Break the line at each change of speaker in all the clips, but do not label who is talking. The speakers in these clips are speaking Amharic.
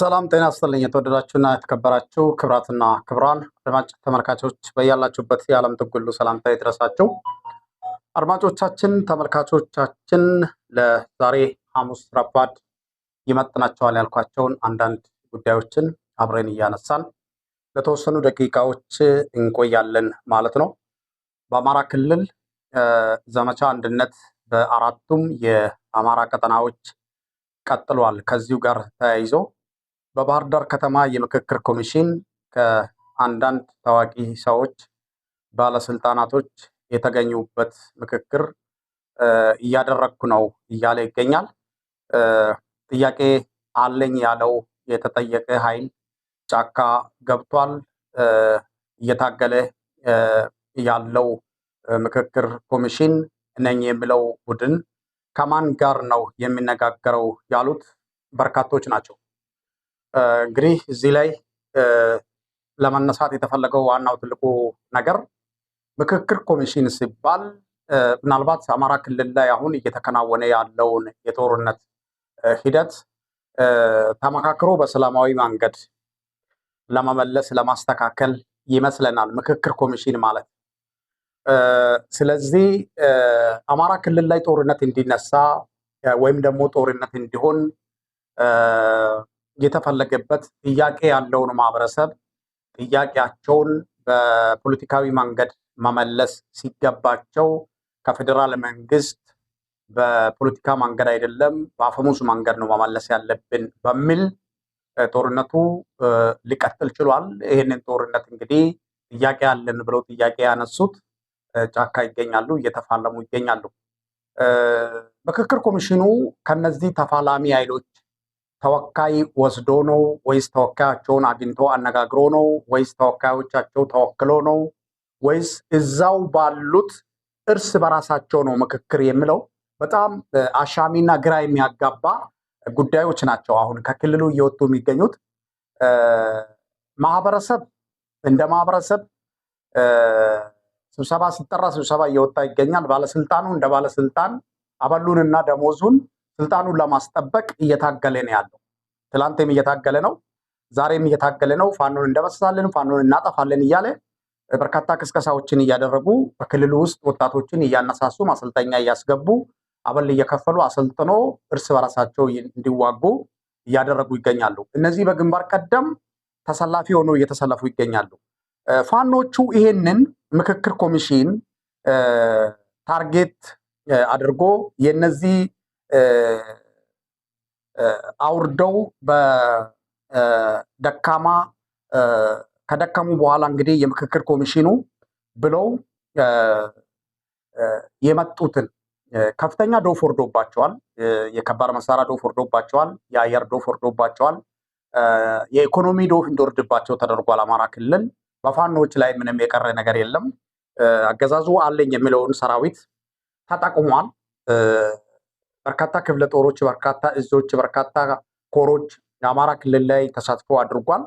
ሰላም ጤና ይስጥልኝ። የተወደዳችሁና የተከበራችሁ ክብራትና ክብራን አድማጭ ተመልካቾች በያላችሁበት የዓለም ትጉሉ ሰላምታ ይድረሳችሁ። አድማጮቻችን፣ ተመልካቾቻችን ለዛሬ ሐሙስ ረፋድ ይመጥናቸዋል ያልኳቸውን አንዳንድ ጉዳዮችን አብረን እያነሳን ለተወሰኑ ደቂቃዎች እንቆያለን ማለት ነው። በአማራ ክልል ዘመቻ አንድነት በአራቱም የአማራ ቀጠናዎች ቀጥሏል። ከዚሁ ጋር ተያይዞ በባህር ዳር ከተማ የምክክር ኮሚሽን ከአንዳንድ ታዋቂ ሰዎች፣ ባለስልጣናቶች የተገኙበት ምክክር እያደረግኩ ነው እያለ ይገኛል። ጥያቄ አለኝ ያለው የተጠየቀ ኃይል ጫካ ገብቷል። እየታገለ ያለው ምክክር ኮሚሽን ነኝ የሚለው ቡድን ከማን ጋር ነው የሚነጋገረው? ያሉት በርካቶች ናቸው። እንግዲህ እዚህ ላይ ለመነሳት የተፈለገው ዋናው ትልቁ ነገር ምክክር ኮሚሽን ሲባል ምናልባት አማራ ክልል ላይ አሁን እየተከናወነ ያለውን የጦርነት ሂደት ተመካክሮ በሰላማዊ መንገድ ለመመለስ ለማስተካከል ይመስለናል ምክክር ኮሚሽን ማለት። ስለዚህ አማራ ክልል ላይ ጦርነት እንዲነሳ ወይም ደግሞ ጦርነት እንዲሆን የተፈለገበት ጥያቄ ያለውን ማህበረሰብ ጥያቄያቸውን በፖለቲካዊ መንገድ መመለስ ሲገባቸው ከፌዴራል መንግስት በፖለቲካ መንገድ አይደለም በአፈሙዝ መንገድ ነው መመለስ ያለብን በሚል ጦርነቱ ሊቀጥል ችሏል። ይህንን ጦርነት እንግዲህ ጥያቄ ያለን ብለው ጥያቄ ያነሱት ጫካ ይገኛሉ፣ እየተፋለሙ ይገኛሉ። ምክክር ኮሚሽኑ ከነዚህ ተፋላሚ ኃይሎች ተወካይ ወስዶ ነው ወይስ ተወካያቸውን አግኝቶ አነጋግሮ ነው ወይስ ተወካዮቻቸው ተወክሎ ነው ወይስ እዛው ባሉት እርስ በራሳቸው ነው ምክክር የሚለው በጣም አሻሚና ግራ የሚያጋባ ጉዳዮች ናቸው። አሁን ከክልሉ እየወጡ የሚገኙት ማህበረሰብ እንደ ማህበረሰብ ስብሰባ ሲጠራ ስብሰባ እየወጣ ይገኛል። ባለስልጣኑ እንደ ባለስልጣን አበሉንና ደሞዙን ስልጣኑን ለማስጠበቅ እየታገለ ነው ያለው። ትላንትም እየታገለ ነው፣ ዛሬም እየታገለ ነው። ፋኖን እንደመሰሳለን፣ ፋኖን እናጠፋለን እያለ በርካታ ቅስቀሳዎችን እያደረጉ በክልሉ ውስጥ ወጣቶችን እያነሳሱ ማሰልጠኛ እያስገቡ አበል እየከፈሉ አሰልጥኖ እርስ በራሳቸው እንዲዋጉ እያደረጉ ይገኛሉ። እነዚህ በግንባር ቀደም ተሰላፊ ሆነው እየተሰለፉ ይገኛሉ። ፋኖቹ ይሄንን ምክክር ኮሚሽን ታርጌት አድርጎ የነዚህ አውርደው በደካማ ከደከሙ በኋላ እንግዲህ የምክክር ኮሚሽኑ ብለው የመጡትን ከፍተኛ ዶፍ ወርዶባቸዋል። የከባድ መሳሪያ ዶፍ ወርዶባቸዋል። የአየር ዶፍ ወርዶባቸዋል። የኢኮኖሚ ዶፍ እንዲወርድባቸው ተደርጓል። አማራ ክልል በፋኖች ላይ ምንም የቀረ ነገር የለም። አገዛዙ አለኝ የሚለውን ሰራዊት ተጠቅሟል። በርካታ ክፍለ ጦሮች፣ በርካታ እዞች፣ በርካታ ኮሮች የአማራ ክልል ላይ ተሳትፎ አድርጓል።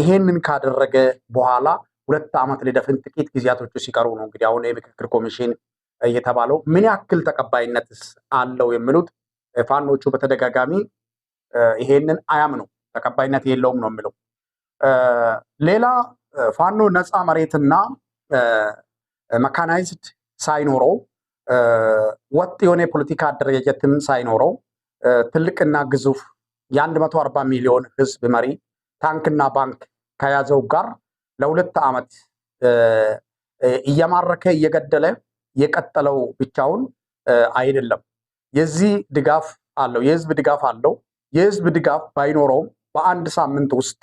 ይሄንን ካደረገ በኋላ ሁለት ዓመት ሊደፍን ጥቂት ጊዜያቶቹ ሲቀሩ ነው እንግዲህ አሁን የምክክር ኮሚሽን እየተባለው ምን ያክል ተቀባይነትስ አለው የሚሉት ፋኖቹ በተደጋጋሚ ይሄንን አያምኑ ተቀባይነት የለውም ነው የሚለው። ሌላ ፋኖ ነፃ መሬትና መካናይዝድ ሳይኖረው ወጥ የሆነ የፖለቲካ አደረጃጀትም ሳይኖረው ትልቅና ግዙፍ የ140 ሚሊዮን ህዝብ መሪ ታንክና ባንክ ከያዘው ጋር ለሁለት ዓመት እየማረከ እየገደለ የቀጠለው ብቻውን አይደለም። የዚህ ድጋፍ አለው፣ የህዝብ ድጋፍ አለው። የህዝብ ድጋፍ ባይኖረውም በአንድ ሳምንት ውስጥ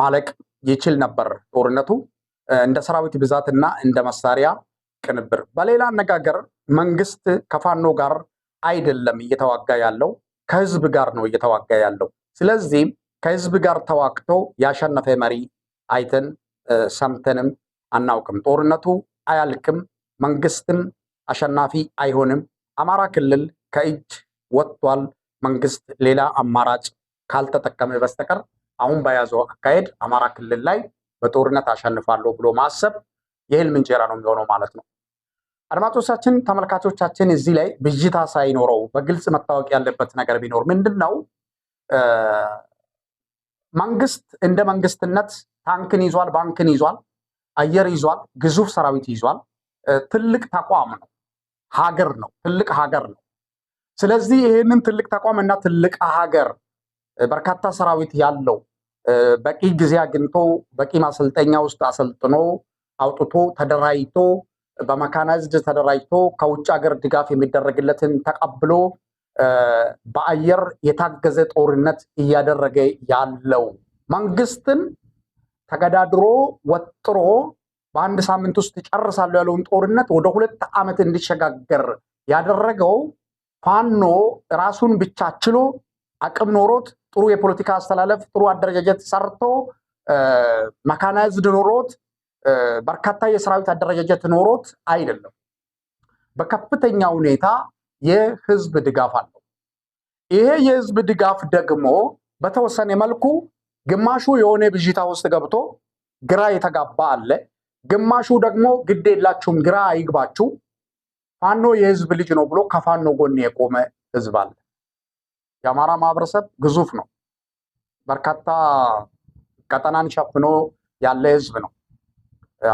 ማለቅ ይችል ነበር ጦርነቱ እንደ ሰራዊት ብዛትና እንደ መሳሪያ ቅንብር። በሌላ አነጋገር መንግስት ከፋኖ ጋር አይደለም እየተዋጋ ያለው ከህዝብ ጋር ነው እየተዋጋ ያለው። ስለዚህ ከህዝብ ጋር ተዋግቶ ያሸነፈ መሪ አይተን ሰምተንም አናውቅም። ጦርነቱ አያልቅም፣ መንግስትም አሸናፊ አይሆንም። አማራ ክልል ከእጅ ወጥቷል። መንግስት ሌላ አማራጭ ካልተጠቀመ በስተቀር አሁን በያዘው አካሄድ አማራ ክልል ላይ በጦርነት አሸንፋለሁ ብሎ ማሰብ የህልም እንጀራ ነው የሚሆነው ማለት ነው። አድማጮቻችን ተመልካቾቻችን፣ እዚህ ላይ ብዥታ ሳይኖረው በግልጽ መታወቅ ያለበት ነገር ቢኖር ምንድን ነው፣ መንግስት እንደ መንግስትነት ታንክን ይዟል፣ ባንክን ይዟል፣ አየር ይዟል፣ ግዙፍ ሰራዊት ይዟል። ትልቅ ተቋም ነው፣ ሀገር ነው፣ ትልቅ ሀገር ነው። ስለዚህ ይህንን ትልቅ ተቋም እና ትልቅ ሀገር በርካታ ሰራዊት ያለው በቂ ጊዜ አግኝቶ በቂ ማሰልጠኛ ውስጥ አሰልጥኖ አውጥቶ ተደራጅቶ በመካናይዝድ ተደራጅቶ ከውጭ ሀገር ድጋፍ የሚደረግለትን ተቀብሎ በአየር የታገዘ ጦርነት እያደረገ ያለው መንግስትን ተገዳድሮ ወጥሮ በአንድ ሳምንት ውስጥ ጨርሳለሁ ያለውን ጦርነት ወደ ሁለት ዓመት እንዲሸጋገር ያደረገው ፋኖ ራሱን ብቻ ችሎ አቅም ኖሮት ጥሩ የፖለቲካ አስተላለፍ ጥሩ አደረጃጀት ሰርቶ መካናይዝድ ኖሮት በርካታ የሰራዊት አደረጃጀት ኖሮት አይደለም። በከፍተኛ ሁኔታ የህዝብ ድጋፍ አለው። ይሄ የህዝብ ድጋፍ ደግሞ በተወሰነ መልኩ ግማሹ የሆነ ብዥታ ውስጥ ገብቶ ግራ የተጋባ አለ። ግማሹ ደግሞ ግድ የላችሁም ግራ አይግባችሁ ፋኖ የህዝብ ልጅ ነው ብሎ ከፋኖ ጎን የቆመ ህዝብ አለ። የአማራ ማህበረሰብ ግዙፍ ነው። በርካታ ቀጠናን ሸፍኖ ያለ ህዝብ ነው።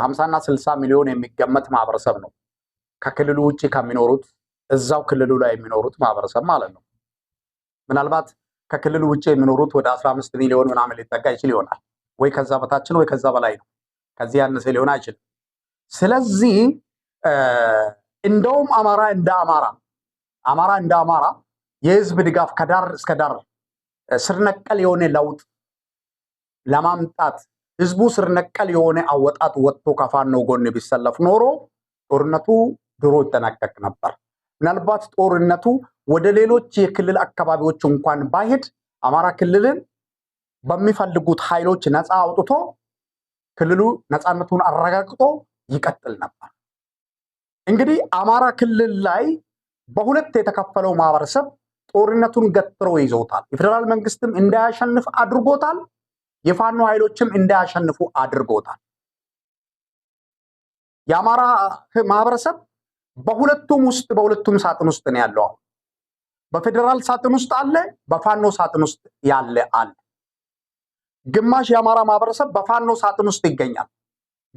ሀምሳና ስልሳ ሚሊዮን የሚገመት ማህበረሰብ ነው ከክልሉ ውጭ ከሚኖሩት እዛው ክልሉ ላይ የሚኖሩት ማህበረሰብ ማለት ነው። ምናልባት ከክልሉ ውጭ የሚኖሩት ወደ አስራ አምስት ሚሊዮን ምናምን ሊጠጋ ይችል ይሆናል ወይ ከዛ በታችን ወይ ከዛ በላይ ነው። ከዚህ ያነሰ ሊሆን አይችልም። ስለዚህ እንደውም አማራ እንደ አማራ አማራ እንደ አማራ የህዝብ ድጋፍ ከዳር እስከ ዳር ስር ነቀል የሆነ ለውጥ ለማምጣት ህዝቡ ስር ነቀል የሆነ አወጣት ወጥቶ ከፋኖ ጎን ቢሰለፍ ኖሮ ጦርነቱ ድሮ ይጠናቀቅ ነበር። ምናልባት ጦርነቱ ወደ ሌሎች የክልል አካባቢዎች እንኳን ባሄድ አማራ ክልልን በሚፈልጉት ኃይሎች ነፃ አውጥቶ ክልሉ ነፃነቱን አረጋግጦ ይቀጥል ነበር። እንግዲህ አማራ ክልል ላይ በሁለት የተከፈለው ማህበረሰብ ጦርነቱን ገትሮ ይዘውታል። የፌዴራል መንግስትም እንዳያሸንፍ አድርጎታል። የፋኖ ኃይሎችም እንዳያሸንፉ አድርጎታል። የአማራ ማህበረሰብ በሁለቱም ውስጥ በሁለቱም ሳጥን ውስጥ ነው ያለው። አሁን በፌዴራል ሳጥን ውስጥ አለ፣ በፋኖ ሳጥን ውስጥ ያለ አለ። ግማሽ የአማራ ማህበረሰብ በፋኖ ሳጥን ውስጥ ይገኛል፣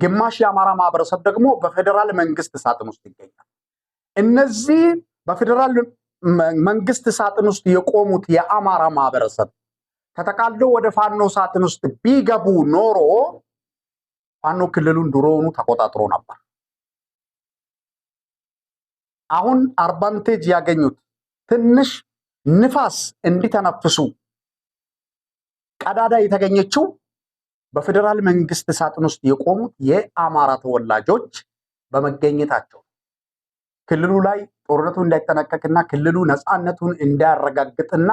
ግማሽ የአማራ ማህበረሰብ ደግሞ በፌዴራል መንግስት ሳጥን ውስጥ ይገኛል። እነዚህ በፌዴራል መንግስት ሳጥን ውስጥ የቆሙት የአማራ ማህበረሰብ ተጠቃሎ ወደ ፋኖ ሳጥን ውስጥ ቢገቡ ኖሮ ፋኖ ክልሉን ድሮውኑ ተቆጣጥሮ ነበር። አሁን አርባንቴጅ ያገኙት ትንሽ ንፋስ እንዲተነፍሱ ቀዳዳ የተገኘችው በፌዴራል መንግስት ሳጥን ውስጥ የቆሙት የአማራ ተወላጆች በመገኘታቸው ክልሉ ላይ ጦርነቱ እንዳይጠነቀቅና ክልሉ ነፃነቱን እንዳያረጋግጥና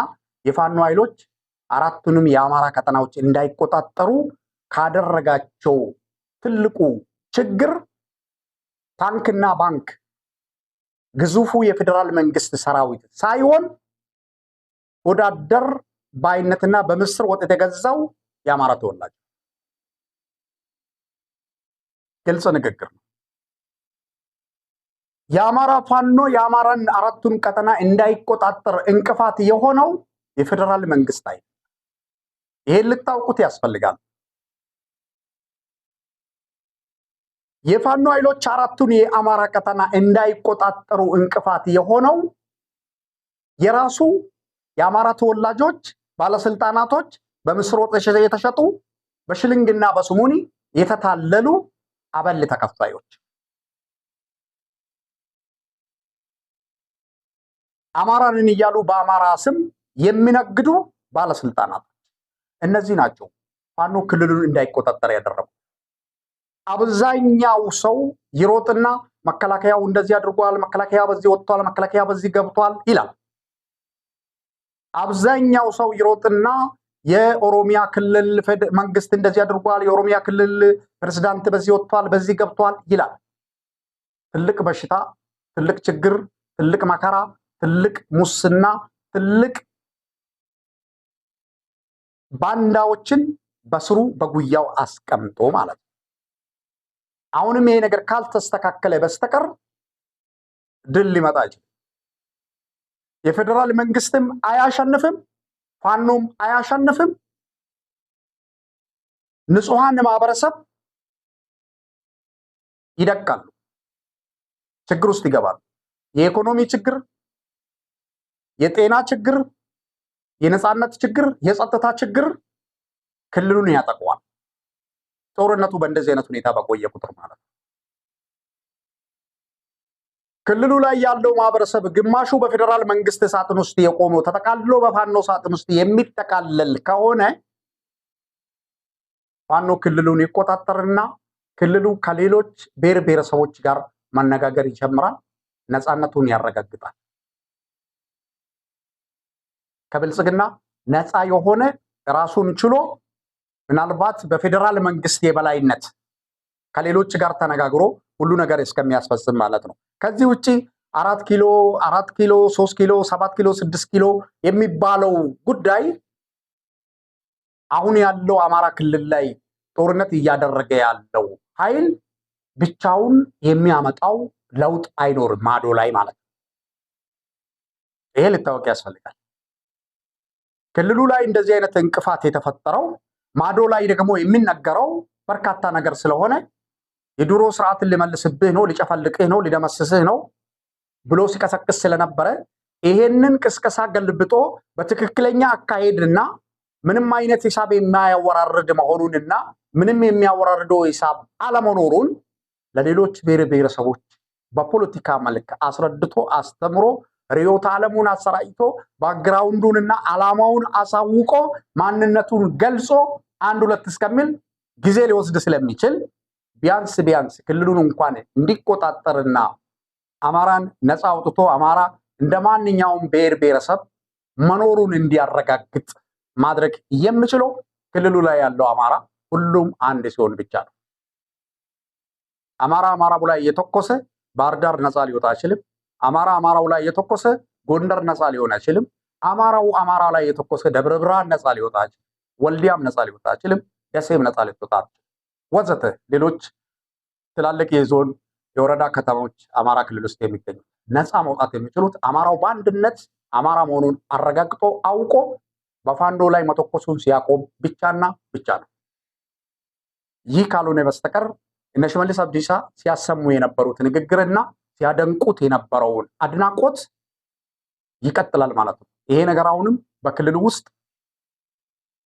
የፋኖ ኃይሎች አራቱንም የአማራ ቀጠናዎች እንዳይቆጣጠሩ ካደረጋቸው ትልቁ ችግር ታንክና ባንክ ግዙፉ የፌዴራል መንግስት ሰራዊት ሳይሆን ወዳደር በአይነትና በምስር ወጥ የተገዛው የአማራ ተወላጅ ግልጽ ንግግር ነው። የአማራ ፋኖ የአማራን አራቱን ቀጠና እንዳይቆጣጠር እንቅፋት የሆነው የፌዴራል መንግስት አይነ ይሄን ልታውቁት ያስፈልጋል። የፋኖ ኃይሎች አራቱን የአማራ ቀጠና እንዳይቆጣጠሩ እንቅፋት የሆነው የራሱ የአማራ ተወላጆች ባለስልጣናቶች በምስር ወጥ የተሸጡ በሽልንግና በስሙኒ የተታለሉ አበል ተከፋዮች አማራንን እያሉ በአማራ ስም የሚነግዱ ባለስልጣናት እነዚህ ናቸው ፋኖ ክልሉን እንዳይቆጣጠር ያደረጉ። አብዛኛው ሰው ይሮጥና መከላከያው እንደዚህ አድርጓል፣ መከላከያ በዚህ ወጥቷል፣ መከላከያ በዚህ ገብቷል ይላል። አብዛኛው ሰው ይሮጥና የኦሮሚያ ክልል መንግስት እንደዚህ አድርጓል፣ የኦሮሚያ ክልል ፕሬዝዳንት በዚህ ወጥቷል፣ በዚህ ገብቷል ይላል። ትልቅ በሽታ፣ ትልቅ ችግር፣ ትልቅ መከራ፣ ትልቅ ሙስና፣ ትልቅ ባንዳዎችን በስሩ በጉያው አስቀምጦ ማለት ነው። አሁንም ይሄ ነገር ካልተስተካከለ በስተቀር ድል ሊመጣ ይችላል። የፌዴራል መንግስትም አያሸንፍም፣ ፋኖም አያሸንፍም። ንጹሐን ማህበረሰብ ይደቃሉ፣ ችግር ውስጥ ይገባሉ። የኢኮኖሚ ችግር፣ የጤና ችግር የነፃነት ችግር፣ የጸጥታ ችግር ክልሉን ያጠቋል። ጦርነቱ በእንደዚህ አይነት ሁኔታ በቆየ ቁጥር ማለት ነው። ክልሉ ላይ ያለው ማህበረሰብ ግማሹ በፌዴራል መንግስት ሳጥን ውስጥ የቆመው ተጠቃልሎ በፋኖ ሳጥን ውስጥ የሚጠቃለል ከሆነ ፋኖ ክልሉን ይቆጣጠርና ክልሉ ከሌሎች ብሔር ብሔረሰቦች ጋር ማነጋገር ይጀምራል፣ ነፃነቱን ያረጋግጣል። ከብልጽግና ነፃ የሆነ ራሱን ችሎ ምናልባት በፌዴራል መንግስት የበላይነት ከሌሎች ጋር ተነጋግሮ ሁሉ ነገር እስከሚያስፈጽም ማለት ነው። ከዚህ ውጭ አራት ኪሎ አራት ኪሎ ሶስት ኪሎ ሰባት ኪሎ ስድስት ኪሎ የሚባለው ጉዳይ አሁን ያለው አማራ ክልል ላይ ጦርነት እያደረገ ያለው ኃይል ብቻውን የሚያመጣው ለውጥ አይኖርም ማዶ ላይ ማለት ነው። ይሄ ልታወቅ ያስፈልጋል። ክልሉ ላይ እንደዚህ አይነት እንቅፋት የተፈጠረው ማዶ ላይ ደግሞ የሚነገረው በርካታ ነገር ስለሆነ የድሮ ስርዓትን ሊመልስብህ ነው፣ ሊጨፈልቅህ ነው፣ ሊደመስስህ ነው ብሎ ሲቀሰቅስ ስለነበረ ይሄንን ቅስቀሳ ገልብጦ በትክክለኛ አካሄድና ምንም አይነት ሂሳብ የማያወራርድ መሆኑንና ምንም የሚያወራርደው ሂሳብ አለመኖሩን ለሌሎች ብሔር ብሔረሰቦች በፖለቲካ መልክ አስረድቶ አስተምሮ ርዕዮተ ዓለሙን አሰራጭቶ ባክግራውንዱን እና ዓላማውን አሳውቆ ማንነቱን ገልጾ አንድ ሁለት እስከሚል ጊዜ ሊወስድ ስለሚችል ቢያንስ ቢያንስ ክልሉን እንኳን እንዲቆጣጠርና አማራን ነፃ አውጥቶ አማራ እንደ ማንኛውም ብሔር ብሔረሰብ መኖሩን እንዲያረጋግጥ ማድረግ የምችለው ክልሉ ላይ ያለው አማራ ሁሉም አንድ ሲሆን ብቻ ነው። አማራ አማራ ላይ እየተኮሰ ባህር ዳር ነፃ ሊወጣ አይችልም። አማራ አማራው ላይ የተኮሰ ጎንደር ነፃ ሊሆን አይችልም። አማራው አማራ ላይ የተኮሰ ደብረ ብርሃን ነፃ ሊወጣ ወልዲያም ነፃ ሊወጣ አይችልም። ደሴም ነፃ ሊወጣ ወዘተ ሌሎች ትላልቅ የዞን የወረዳ ከተሞች አማራ ክልል ውስጥ የሚገኙ ነፃ መውጣት የሚችሉት አማራው በአንድነት አማራ መሆኑን አረጋግጦ አውቆ በፋንዶ ላይ መተኮሱን ሲያቆም ብቻና ብቻ ነው። ይህ ካልሆነ በስተቀር እነ ሽመልስ አብዲሳ ሲያሰሙ የነበሩት ንግግርና ሲያደንቁት የነበረውን አድናቆት ይቀጥላል ማለት ነው። ይሄ ነገር አሁንም በክልሉ ውስጥ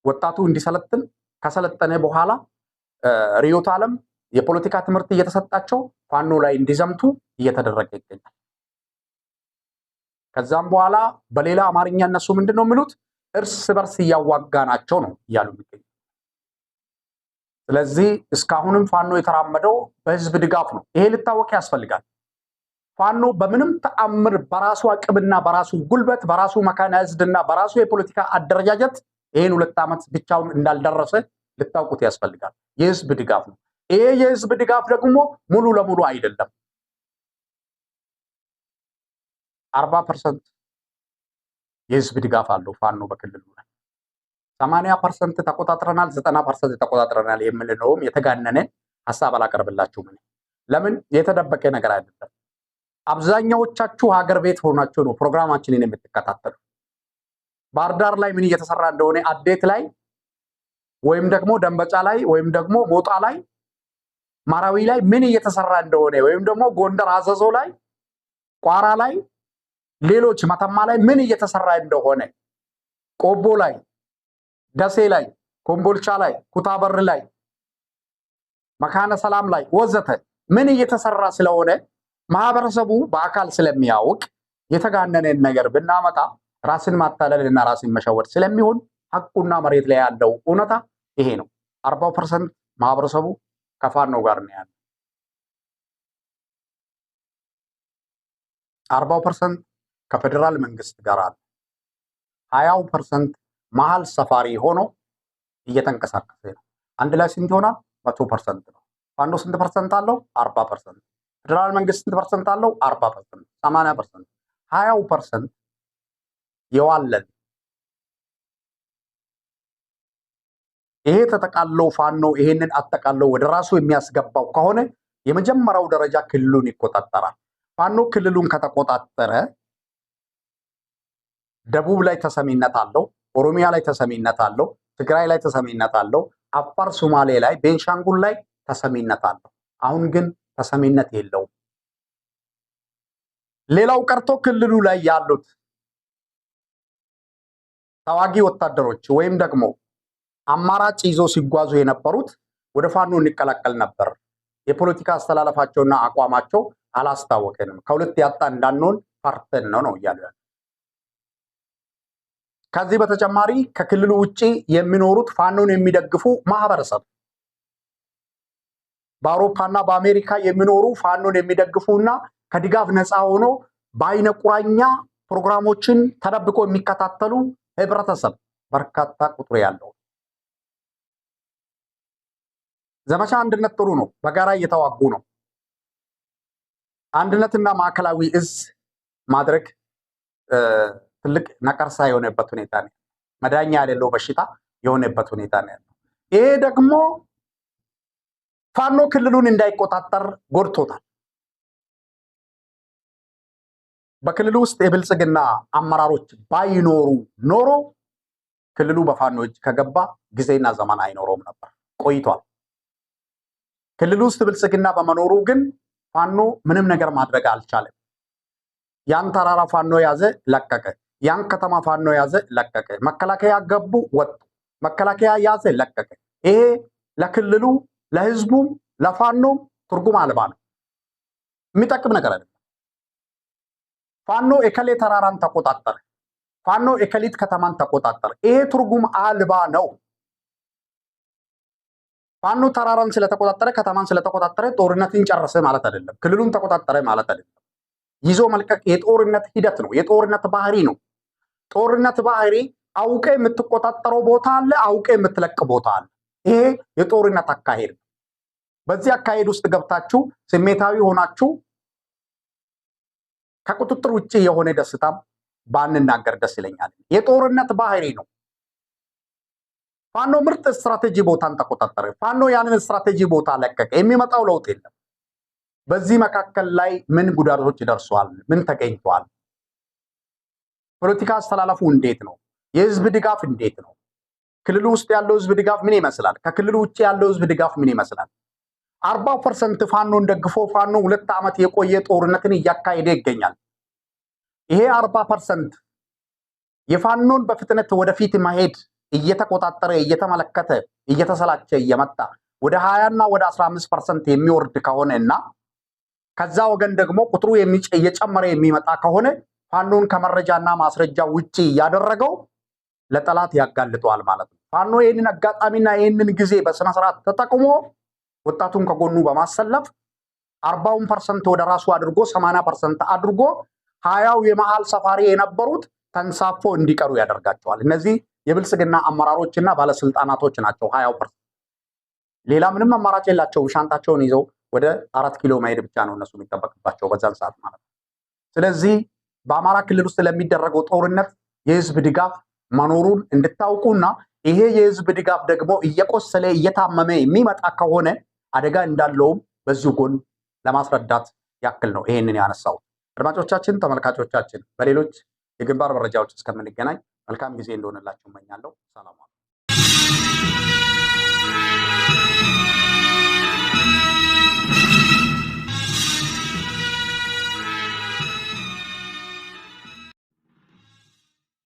ወጣቱ እንዲሰለጥን ከሰለጠነ በኋላ ርዕዮተ ዓለም የፖለቲካ ትምህርት እየተሰጣቸው ፋኖ ላይ እንዲዘምቱ እየተደረገ ይገኛል። ከዛም በኋላ በሌላ አማርኛ እነሱ ምንድን ነው የሚሉት? እርስ በርስ እያዋጋ ናቸው ነው እያሉ የሚገኙ። ስለዚህ እስካሁንም ፋኖ የተራመደው በህዝብ ድጋፍ ነው። ይሄ ልታወቅ ያስፈልጋል። ፋኖ በምንም ተአምር በራሱ አቅምና በራሱ ጉልበት በራሱ መካናይዝድ በራሱ የፖለቲካ አደረጃጀት ይህን ሁለት ዓመት ብቻውን እንዳልደረሰ ልታውቁት ያስፈልጋል። የህዝብ ድጋፍ ነው። ይሄ የህዝብ ድጋፍ ደግሞ ሙሉ ለሙሉ አይደለም። አርባ ፐርሰንት የህዝብ ድጋፍ አለው ፋኖ በክልሉ ላይ ሰማንያ ፐርሰንት ተቆጣጥረናል፣ ዘጠና ፐርሰንት ተቆጣጥረናል የምንለውም የተጋነነ ሀሳብ አላቀርብላችሁም። ለምን የተደበቀ ነገር አይደለም። አብዛኛዎቻችሁ ሀገር ቤት ሆናችሁ ነው ፕሮግራማችንን የምትከታተሉ። ባህር ዳር ላይ ምን እየተሰራ እንደሆነ አዴት ላይ ወይም ደግሞ ደንበጫ ላይ ወይም ደግሞ ሞጣ ላይ ማራዊ ላይ ምን እየተሰራ እንደሆነ ወይም ደግሞ ጎንደር አዘዞ ላይ ቋራ ላይ ሌሎች መተማ ላይ ምን እየተሰራ እንደሆነ ቆቦ ላይ ደሴ ላይ ኮምቦልቻ ላይ ኩታበር ላይ መካነ ሰላም ላይ ወዘተ ምን እየተሰራ ስለሆነ ማህበረሰቡ በአካል ስለሚያውቅ የተጋነነን ነገር ብናመጣ ራስን ማታለል እና ራስን መሸወድ ስለሚሆን ሀቁና መሬት ላይ ያለው እውነታ ይሄ ነው። አርባው ፐርሰንት ማህበረሰቡ ከፋኖ ጋር ነው ያለ። አርባው ፐርሰንት ከፌዴራል መንግስት ጋር አለ። ሀያው ፐርሰንት መሀል ሰፋሪ ሆኖ እየተንቀሳቀሰ ነው። አንድ ላይ ስንት ይሆናል? መቶ ፐርሰንት ነው። ፋኖ ስንት ፐርሰንት አለው? አርባ ፐርሰንት ፌደራል መንግስት ስንት ፐርሰንት አለው? አርባ ፐርሰንት ሰማንያ ፐርሰንት ሀያው ፐርሰንት የዋለን ይሄ ተጠቃለው ፋኖ ይሄንን አጠቃለው ወደ ራሱ የሚያስገባው ከሆነ የመጀመሪያው ደረጃ ክልሉን ይቆጣጠራል። ፋኖ ክልሉን ከተቆጣጠረ ደቡብ ላይ ተሰሚነት አለው፣ ኦሮሚያ ላይ ተሰሚነት አለው፣ ትግራይ ላይ ተሰሚነት አለው፣ አፋር፣ ሶማሌ ላይ፣ ቤንሻንጉል ላይ ተሰሚነት አለው። አሁን ግን ተሰሚነት የለውም። ሌላው ቀርቶ ክልሉ ላይ ያሉት ተዋጊ ወታደሮች ወይም ደግሞ አማራጭ ይዞ ሲጓዙ የነበሩት ወደ ፋኖ እንቀላቀል ነበር። የፖለቲካ አስተላለፋቸውና አቋማቸው አላስታወቀንም። ከሁለት ያጣ እንዳንሆን ፈርተን ነው ነው እያሉ ያሉ። ከዚህ በተጨማሪ ከክልሉ ውጭ የሚኖሩት ፋኖን የሚደግፉ ማህበረሰብ በአውሮፓና በአሜሪካ የሚኖሩ ፋኖን የሚደግፉ እና ከድጋፍ ነፃ ሆኖ በአይነ ቁራኛ ፕሮግራሞችን ተደብቆ የሚከታተሉ ህብረተሰብ በርካታ ቁጥር ያለው ዘመቻ አንድነት ጥሩ ነው። በጋራ እየተዋጉ ነው። አንድነትና ማዕከላዊ እዝ ማድረግ ትልቅ ነቀርሳ የሆነበት ሁኔታ ነው። መዳኛ የሌለው በሽታ የሆነበት ሁኔታ ነው ያለው። ይሄ ደግሞ ፋኖ ክልሉን እንዳይቆጣጠር ጎድቶታል። በክልሉ ውስጥ የብልጽግና አመራሮች ባይኖሩ ኖሮ ክልሉ በፋኖ እጅ ከገባ ጊዜና ዘመን አይኖረውም ነበር፣ ቆይቷል። ክልሉ ውስጥ ብልጽግና በመኖሩ ግን ፋኖ ምንም ነገር ማድረግ አልቻለም። ያን ተራራ ፋኖ ያዘ፣ ለቀቀ። ያን ከተማ ፋኖ ያዘ፣ ለቀቀ። መከላከያ ገቡ፣ ወጡ። መከላከያ ያዘ፣ ለቀቀ። ይሄ ለክልሉ ለህዝቡም ለፋኖም ትርጉም አልባ ነው። የሚጠቅም ነገር አይደለም። ፋኖ የከሌ ተራራን ተቆጣጠረ፣ ፋኖ የከሊት ከተማን ተቆጣጠረ፣ ይሄ ትርጉም አልባ ነው። ፋኖ ተራራን ስለተቆጣጠረ ከተማን ስለተቆጣጠረ ጦርነትን ጨረሰ ማለት አይደለም። ክልሉን ተቆጣጠረ ማለት አይደለም። ይዞ መልቀቅ የጦርነት ሂደት ነው፣ የጦርነት ባህሪ ነው። ጦርነት ባህሪ አውቀ የምትቆጣጠረው ቦታ አለ፣ አውቀ የምትለቅ ቦታ አለ። ይሄ የጦርነት አካሄድ ነው። በዚህ አካሄድ ውስጥ ገብታችሁ ስሜታዊ ሆናችሁ ከቁጥጥር ውጭ የሆነ ደስታም ባንናገር ደስ ይለኛል። የጦርነት ባህሪ ነው። ፋኖ ምርጥ ስትራቴጂ ቦታን ተቆጣጠረ። ፋኖ ያንን ስትራቴጂ ቦታ ለቀቀ። የሚመጣው ለውጥ የለም። በዚህ መካከል ላይ ምን ጉዳቶች ደርሷል? ምን ተገኝቷል? ፖለቲካ አስተላለፉ እንዴት ነው? የህዝብ ድጋፍ እንዴት ነው? ክልሉ ውስጥ ያለው ህዝብ ድጋፍ ምን ይመስላል? ከክልሉ ውጭ ያለው ህዝብ ድጋፍ ምን ይመስላል? አርባ ፐርሰንት ፋኖን ደግፎ ፋኖ ሁለት ዓመት የቆየ ጦርነትን እያካሄደ ይገኛል። ይሄ አርባ ፐርሰንት የፋኖን በፍጥነት ወደፊት መሄድ እየተቆጣጠረ እየተመለከተ እየተሰላቸ እየመጣ ወደ ሀያና ወደ አስራ አምስት ፐርሰንት የሚወርድ ከሆነ እና ከዛ ወገን ደግሞ ቁጥሩ እየጨመረ የሚመጣ ከሆነ ፋኖን ከመረጃና ማስረጃ ውጭ እያደረገው ለጠላት ያጋልጠዋል ማለት ነው። ፋኖ ይህንን አጋጣሚና ይህንን ጊዜ በስነስርዓት ተጠቅሞ ወጣቱን ከጎኑ በማሰለፍ አርባውን ፐርሰንት ወደ ራሱ አድርጎ ሰማንያ ፐርሰንት አድርጎ ሀያው የመሀል ሰፋሪ የነበሩት ተንሳፎ እንዲቀሩ ያደርጋቸዋል። እነዚህ የብልጽግና አመራሮችና ባለስልጣናቶች ናቸው። ሀያው ፐርሰንት ሌላ ምንም አማራጭ የላቸውም። ሻንጣቸውን ይዘው ወደ አራት ኪሎ መሄድ ብቻ ነው እነሱ የሚጠበቅባቸው በዛን ሰዓት ማለት ነው። ስለዚህ በአማራ ክልል ውስጥ ለሚደረገው ጦርነት የህዝብ ድጋፍ መኖሩን እንድታውቁና ይሄ የህዝብ ድጋፍ ደግሞ እየቆሰለ እየታመመ የሚመጣ ከሆነ አደጋ እንዳለውም በዚሁ ጎን ለማስረዳት ያክል ነው ይሄንን ያነሳው። አድማጮቻችን፣ ተመልካቾቻችን በሌሎች የግንባር መረጃዎች እስከምንገናኝ መልካም ጊዜ እንደሆነላችሁ እመኛለሁ። ሰላም